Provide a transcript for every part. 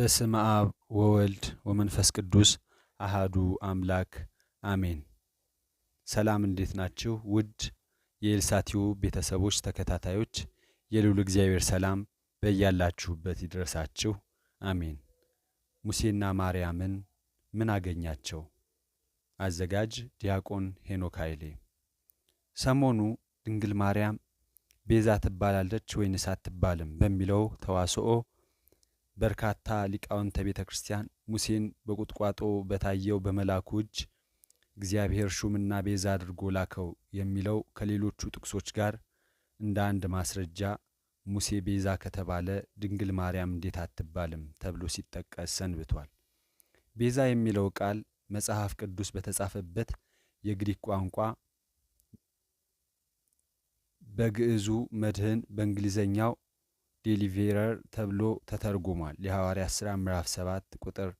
በስም አብ ወወልድ ወመንፈስ ቅዱስ አሃዱ አምላክ አሜን። ሰላም እንዴት ናችሁ? ውድ የኤልሳቲዩ ቤተሰቦች ተከታታዮች የልዑል እግዚአብሔር ሰላም በያላችሁበት ይድረሳችሁ። አሜን። ሙሴና ማርያምን ምን አገኛቸው? አዘጋጅ ዲያቆን ሄኖክ ኃይሌ። ሰሞኑ ድንግል ማርያም ቤዛ ትባላለች ወይንስ አትባልም በሚለው ተዋስኦ በርካታ ሊቃውንተ ቤተ ክርስቲያን ሙሴን በቁጥቋጦ በታየው በመላኩ እጅ እግዚአብሔር ሹምና ቤዛ አድርጎ ላከው የሚለው ከሌሎቹ ጥቅሶች ጋር እንደ አንድ ማስረጃ ሙሴ ቤዛ ከተባለ ድንግል ማርያም እንዴት አትባልም ተብሎ ሲጠቀስ ሰንብቷል። ቤዛ የሚለው ቃል መጽሐፍ ቅዱስ በተጻፈበት የግሪክ ቋንቋ በግዕዙ መድህን፣ በእንግሊዘኛው ዴሊቬረር ተብሎ ተተርጉሟል። የሐዋርያት ሥራ ምዕራፍ 7 ቁጥር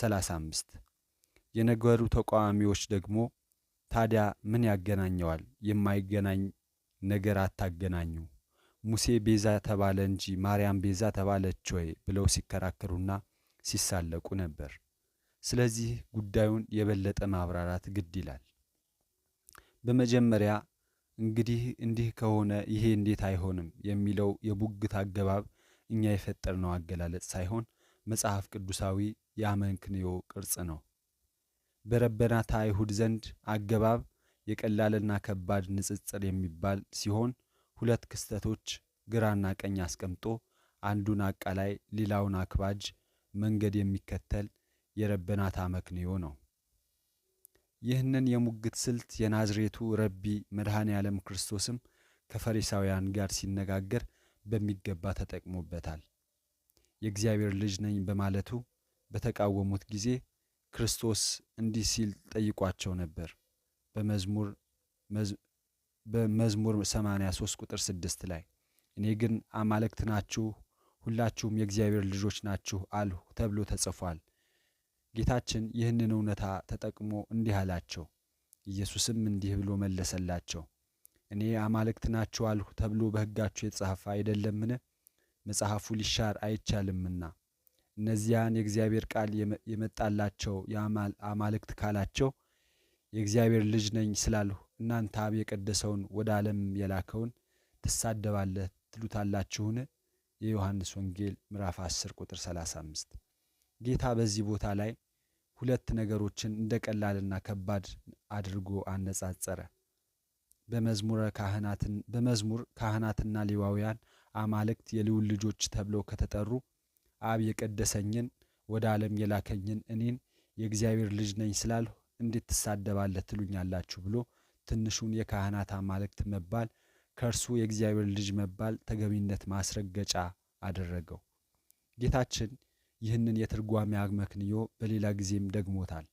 35። የነገሩ ተቃዋሚዎች ደግሞ ታዲያ ምን ያገናኘዋል? የማይገናኝ ነገር አታገናኙ፣ ሙሴ ቤዛ ተባለ እንጂ ማርያም ቤዛ ተባለች ወይ ብለው ሲከራከሩና ሲሳለቁ ነበር። ስለዚህ ጉዳዩን የበለጠ ማብራራት ግድ ይላል። በመጀመሪያ እንግዲህ እንዲህ ከሆነ ይሄ እንዴት አይሆንም የሚለው የቡግት አገባብ እኛ የፈጠርነው አገላለጽ ሳይሆን መጽሐፍ ቅዱሳዊ የአመክንዮ ቅርጽ ነው። በረበናታ አይሁድ ዘንድ አገባብ የቀላልና ከባድ ንጽጽር የሚባል ሲሆን ሁለት ክስተቶች ግራና ቀኝ አስቀምጦ አንዱን አቃላይ ሌላውን አክባጅ መንገድ የሚከተል የረበናታ አመክንዮ ነው። ይህንን የሙግት ስልት የናዝሬቱ ረቢ መድኃኔ ዓለም ክርስቶስም ከፈሪሳውያን ጋር ሲነጋገር በሚገባ ተጠቅሞበታል። የእግዚአብሔር ልጅ ነኝ በማለቱ በተቃወሙት ጊዜ ክርስቶስ እንዲህ ሲል ጠይቋቸው ነበር። በመዝሙር በመዝሙር 83 ቁጥር 6 ላይ እኔ ግን አማልክት ናችሁ ሁላችሁም የእግዚአብሔር ልጆች ናችሁ አልሁ ተብሎ ተጽፏል ጌታችን ይህንን እውነታ ተጠቅሞ እንዲህ አላቸው። ኢየሱስም እንዲህ ብሎ መለሰላቸው። እኔ አማልክት ናችሁ አልሁ ተብሎ በሕጋችሁ የተጻፈ አይደለምን? መጽሐፉ ሊሻር አይቻልምና። እነዚያን የእግዚአብሔር ቃል የመጣላቸው የአማልክት ካላቸው የእግዚአብሔር ልጅ ነኝ ስላልሁ እናንተ አብ የቀደሰውን ወደ ዓለም የላከውን ትሳደባለህ ትሉታላችሁን? የዮሐንስ ወንጌል ምዕራፍ 10 ቁጥር 35 ጌታ በዚህ ቦታ ላይ ሁለት ነገሮችን እንደ ቀላልና ከባድ አድርጎ አነጻጸረ። በመዝሙረ ካህናትን በመዝሙር ካህናትና ሌዋውያን አማልክት የልውል ልጆች ተብለው ከተጠሩ አብ የቀደሰኝን ወደ ዓለም የላከኝን እኔን የእግዚአብሔር ልጅ ነኝ ስላልሁ እንዴት ትሳደባለህ ትሉኛላችሁ ብሎ ትንሹን የካህናት አማልክት መባል ከእርሱ የእግዚአብሔር ልጅ መባል ተገቢነት ማስረገጫ አደረገው። ጌታችን ይህንን የትርጓሜ አመክንዮ በሌላ ጊዜም ደግሞታል።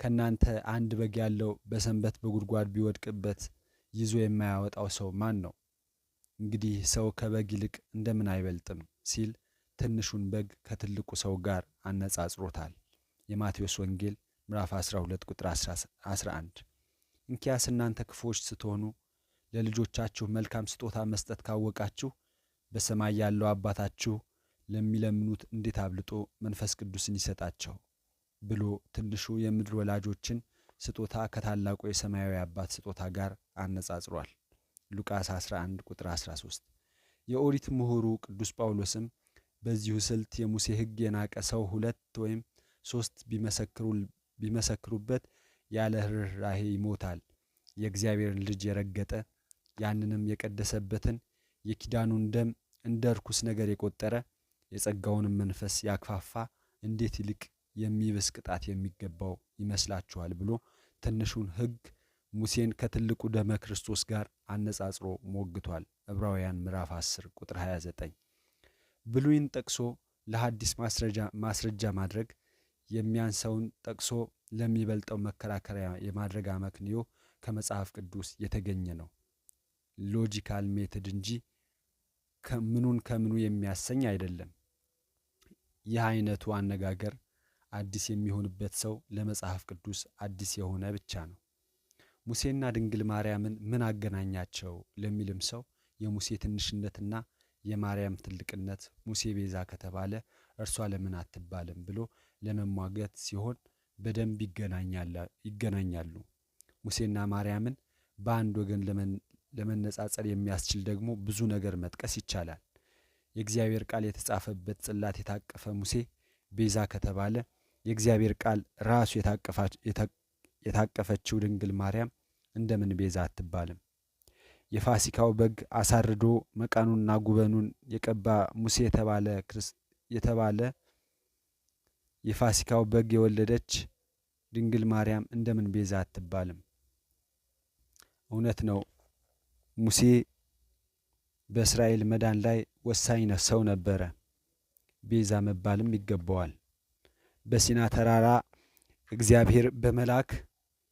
ከእናንተ አንድ በግ ያለው በሰንበት በጉድጓድ ቢወድቅበት ይዞ የማያወጣው ሰው ማን ነው? እንግዲህ ሰው ከበግ ይልቅ እንደምን አይበልጥም ሲል ትንሹን በግ ከትልቁ ሰው ጋር አነጻጽሮታል። የማቴዎስ ወንጌል ምዕራፍ 12 ቁጥር 11። እንኪያስ እናንተ ክፉዎች ስትሆኑ ለልጆቻችሁ መልካም ስጦታ መስጠት ካወቃችሁ በሰማይ ያለው አባታችሁ ለሚለምኑት እንዴት አብልጦ መንፈስ ቅዱስን ይሰጣቸው ብሎ ትንሹ የምድር ወላጆችን ስጦታ ከታላቁ የሰማያዊ አባት ስጦታ ጋር አነጻጽሯል። ሉቃስ 11 ቁጥር 13። የኦሪት ምሁሩ ቅዱስ ጳውሎስም በዚሁ ስልት የሙሴ ሕግ የናቀ ሰው ሁለት ወይም ሦስት ቢመሰክሩበት ያለ ርኅራሄ ይሞታል። የእግዚአብሔርን ልጅ የረገጠ ያንንም የቀደሰበትን የኪዳኑን ደም እንደ ርኩስ ነገር የቆጠረ የጸጋውን መንፈስ ያክፋፋ እንዴት ይልቅ የሚብስ ቅጣት የሚገባው ይመስላችኋል ብሎ ትንሹን ሕግ ሙሴን ከትልቁ ደመ ክርስቶስ ጋር አነጻጽሮ ሞግቷል። ዕብራውያን ምዕራፍ 10 ቁጥር 29 ብሉይን ጠቅሶ ለሐዲስ ማስረጃ ማድረግ የሚያንሰውን ጠቅሶ ለሚበልጠው መከራከሪያ የማድረግ አመክንዮ ከመጽሐፍ ቅዱስ የተገኘ ነው። ሎጂካል ሜትድ እንጂ ከምኑን ከምኑ የሚያሰኝ አይደለም። ይህ አይነቱ አነጋገር አዲስ የሚሆንበት ሰው ለመጽሐፍ ቅዱስ አዲስ የሆነ ብቻ ነው። ሙሴና ድንግል ማርያምን ምን አገናኛቸው ለሚልም ሰው የሙሴ ትንሽነትና የማርያም ትልቅነት ሙሴ ቤዛ ከተባለ እርሷ ለምን አትባልም ብሎ ለመሟገት ሲሆን በደንብ ይገናኛሉ። ሙሴና ማርያምን በአንድ ወገን ለመነጻጸር የሚያስችል ደግሞ ብዙ ነገር መጥቀስ ይቻላል። የእግዚአብሔር ቃል የተጻፈበት ጽላት የታቀፈ ሙሴ ቤዛ ከተባለ የእግዚአብሔር ቃል ራሱ የታቀፈችው ድንግል ማርያም እንደምን ቤዛ አትባልም? የፋሲካው በግ አሳርዶ መቃኑና ጉበኑን የቀባ ሙሴ የተባለ የተባለ የፋሲካው በግ የወለደች ድንግል ማርያም እንደምን ቤዛ አትባልም? እውነት ነው ሙሴ በእስራኤል መዳን ላይ ወሳኝ ሰው ነበረ። ቤዛ መባልም ይገባዋል። በሲና ተራራ እግዚአብሔር በመልአክ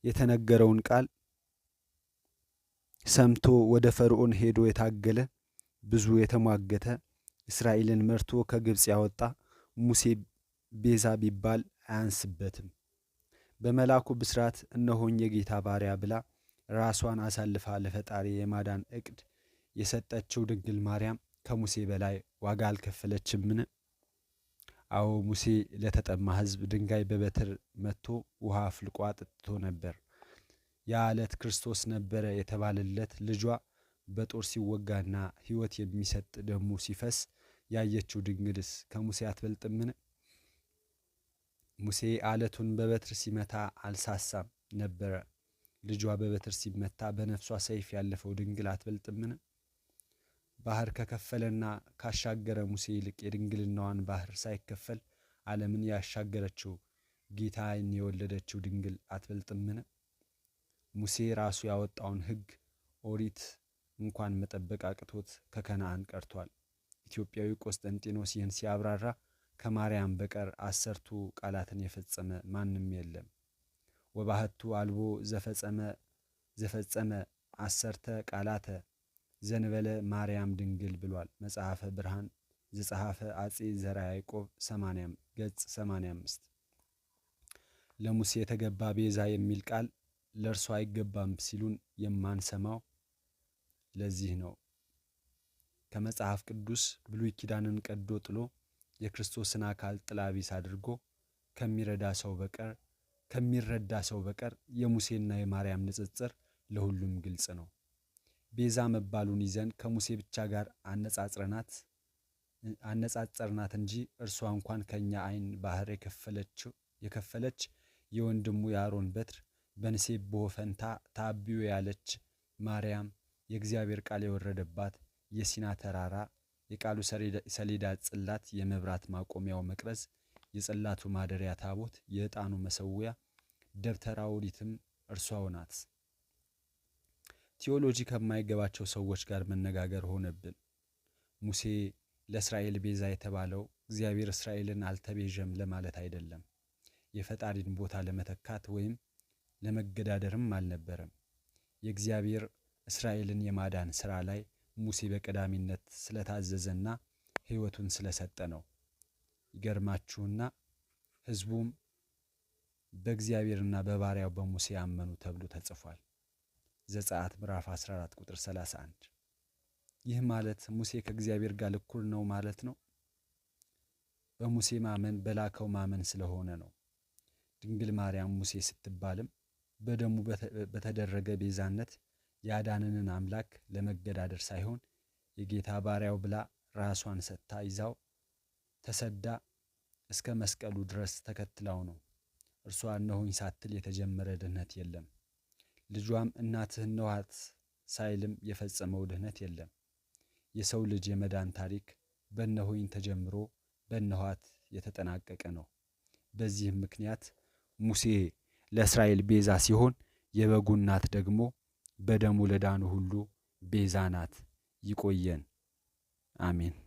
የተነገረውን ቃል ሰምቶ ወደ ፈርዖን ሄዶ የታገለ ብዙ የተሟገተ እስራኤልን መርቶ ከግብፅ ያወጣ ሙሴ ቤዛ ቢባል አያንስበትም። በመልአኩ ብስራት እነሆኝ የጌታ ባሪያ ብላ ራሷን አሳልፋ ለፈጣሪ የማዳን እቅድ የሰጠችው ድንግል ማርያም ከሙሴ በላይ ዋጋ አልከፈለችምን? አዎ ሙሴ ለተጠማ ሕዝብ ድንጋይ በበትር መጥቶ ውሃ አፍልቆ አጠጥቶ ነበር። ያ ዕለት ክርስቶስ ነበረ የተባለለት ልጇ በጦር ሲወጋና ሕይወት የሚሰጥ ደሙ ሲፈስ ያየችው ድንግልስ ከሙሴ አትበልጥምን? ሙሴ አለቱን በበትር ሲመታ አልሳሳም ነበረ። ልጇ በበትር ሲመታ በነፍሷ ሰይፍ ያለፈው ድንግል አትበልጥምን? ባህር ከከፈለና ካሻገረ ሙሴ ይልቅ የድንግልናዋን ባህር ሳይከፈል ዓለምን ያሻገረችው ጌታን የወለደችው ድንግል አትበልጥምን? ሙሴ ራሱ ያወጣውን ሕግ ኦሪት እንኳን መጠበቅ አቅቶት ከከነአን ቀርቷል። ኢትዮጵያዊ ቆስጠንጢኖስ ይህን ሲያብራራ ከማርያም በቀር አሰርቱ ቃላትን የፈጸመ ማንም የለም። ወባህቱ አልቦ ዘፈጸመ ዘፈጸመ አሰርተ ቃላተ ዘንበለ ማርያም ድንግል ብሏል መጽሐፈ ብርሃን ዘጸሐፈ አጼ ዘራ ያዕቆብ ገጽ 85 ለሙሴ የተገባ ቤዛ የሚል ቃል ለእርሱ አይገባም ሲሉን የማንሰማው ለዚህ ነው። ከመጽሐፍ ቅዱስ ብሉይ ኪዳንን ቀዶ ጥሎ የክርስቶስን አካል ጥላቢስ አድርጎ ከሚረዳ ሰው በቀር ከሚረዳ ሰው በቀር የሙሴና የማርያም ንጽጽር ለሁሉም ግልጽ ነው። ቤዛ መባሉን ይዘን ከሙሴ ብቻ ጋር አነጻጽረናት አነጻጸርናት እንጂ እርሷ እንኳን ከእኛ አይን ባህር የከፈለች የወንድሙ የአሮን በትር በንሴብ ቦ ፈንታ ታቢዮ ያለች ማርያም የእግዚአብሔር ቃል የወረደባት የሲና ተራራ የቃሉ ሰሌዳ ጽላት የመብራት ማቆሚያው መቅረዝ የጽላቱ ማደሪያ ታቦት የዕጣኑ መሰዊያ ደብተራ ኦሪትም እርሷው ናት። ቲዎሎጂ ከማይገባቸው ሰዎች ጋር መነጋገር ሆነብን። ሙሴ ለእስራኤል ቤዛ የተባለው እግዚአብሔር እስራኤልን አልተቤዠም ለማለት አይደለም። የፈጣሪን ቦታ ለመተካት ወይም ለመገዳደርም አልነበረም። የእግዚአብሔር እስራኤልን የማዳን ሥራ ላይ ሙሴ በቀዳሚነት ስለታዘዘና ሕይወቱን ስለሰጠ ነው። ይገርማችሁና ሕዝቡም በእግዚአብሔርና በባሪያው በሙሴ አመኑ ተብሎ ተጽፏል። ዘጸአት ምዕራፍ 14 ቁጥር 31። ይህ ማለት ሙሴ ከእግዚአብሔር ጋር እኩል ነው ማለት ነው። በሙሴ ማመን በላከው ማመን ስለሆነ ነው። ድንግል ማርያም ሙሴ ስትባልም በደሙ በተደረገ ቤዛነት ያዳንንን አምላክ ለመገዳደር ሳይሆን የጌታ ባሪያው ብላ ራሷን ሰጥታ ይዛው ተሰዳ እስከ መስቀሉ ድረስ ተከትላው ነው። እርሷ እነሆኝ ሳትል የተጀመረ ድህነት የለም። ልጇም እናትህን ነዋት ሳይልም የፈጸመው ድህነት የለም። የሰው ልጅ የመዳን ታሪክ በነሆይን ተጀምሮ በነኋት የተጠናቀቀ ነው። በዚህም ምክንያት ሙሴ ለእስራኤል ቤዛ ሲሆን የበጉ እናት ደግሞ በደሙ ለዳኑ ሁሉ ቤዛ ናት። ይቆየን። አሜን።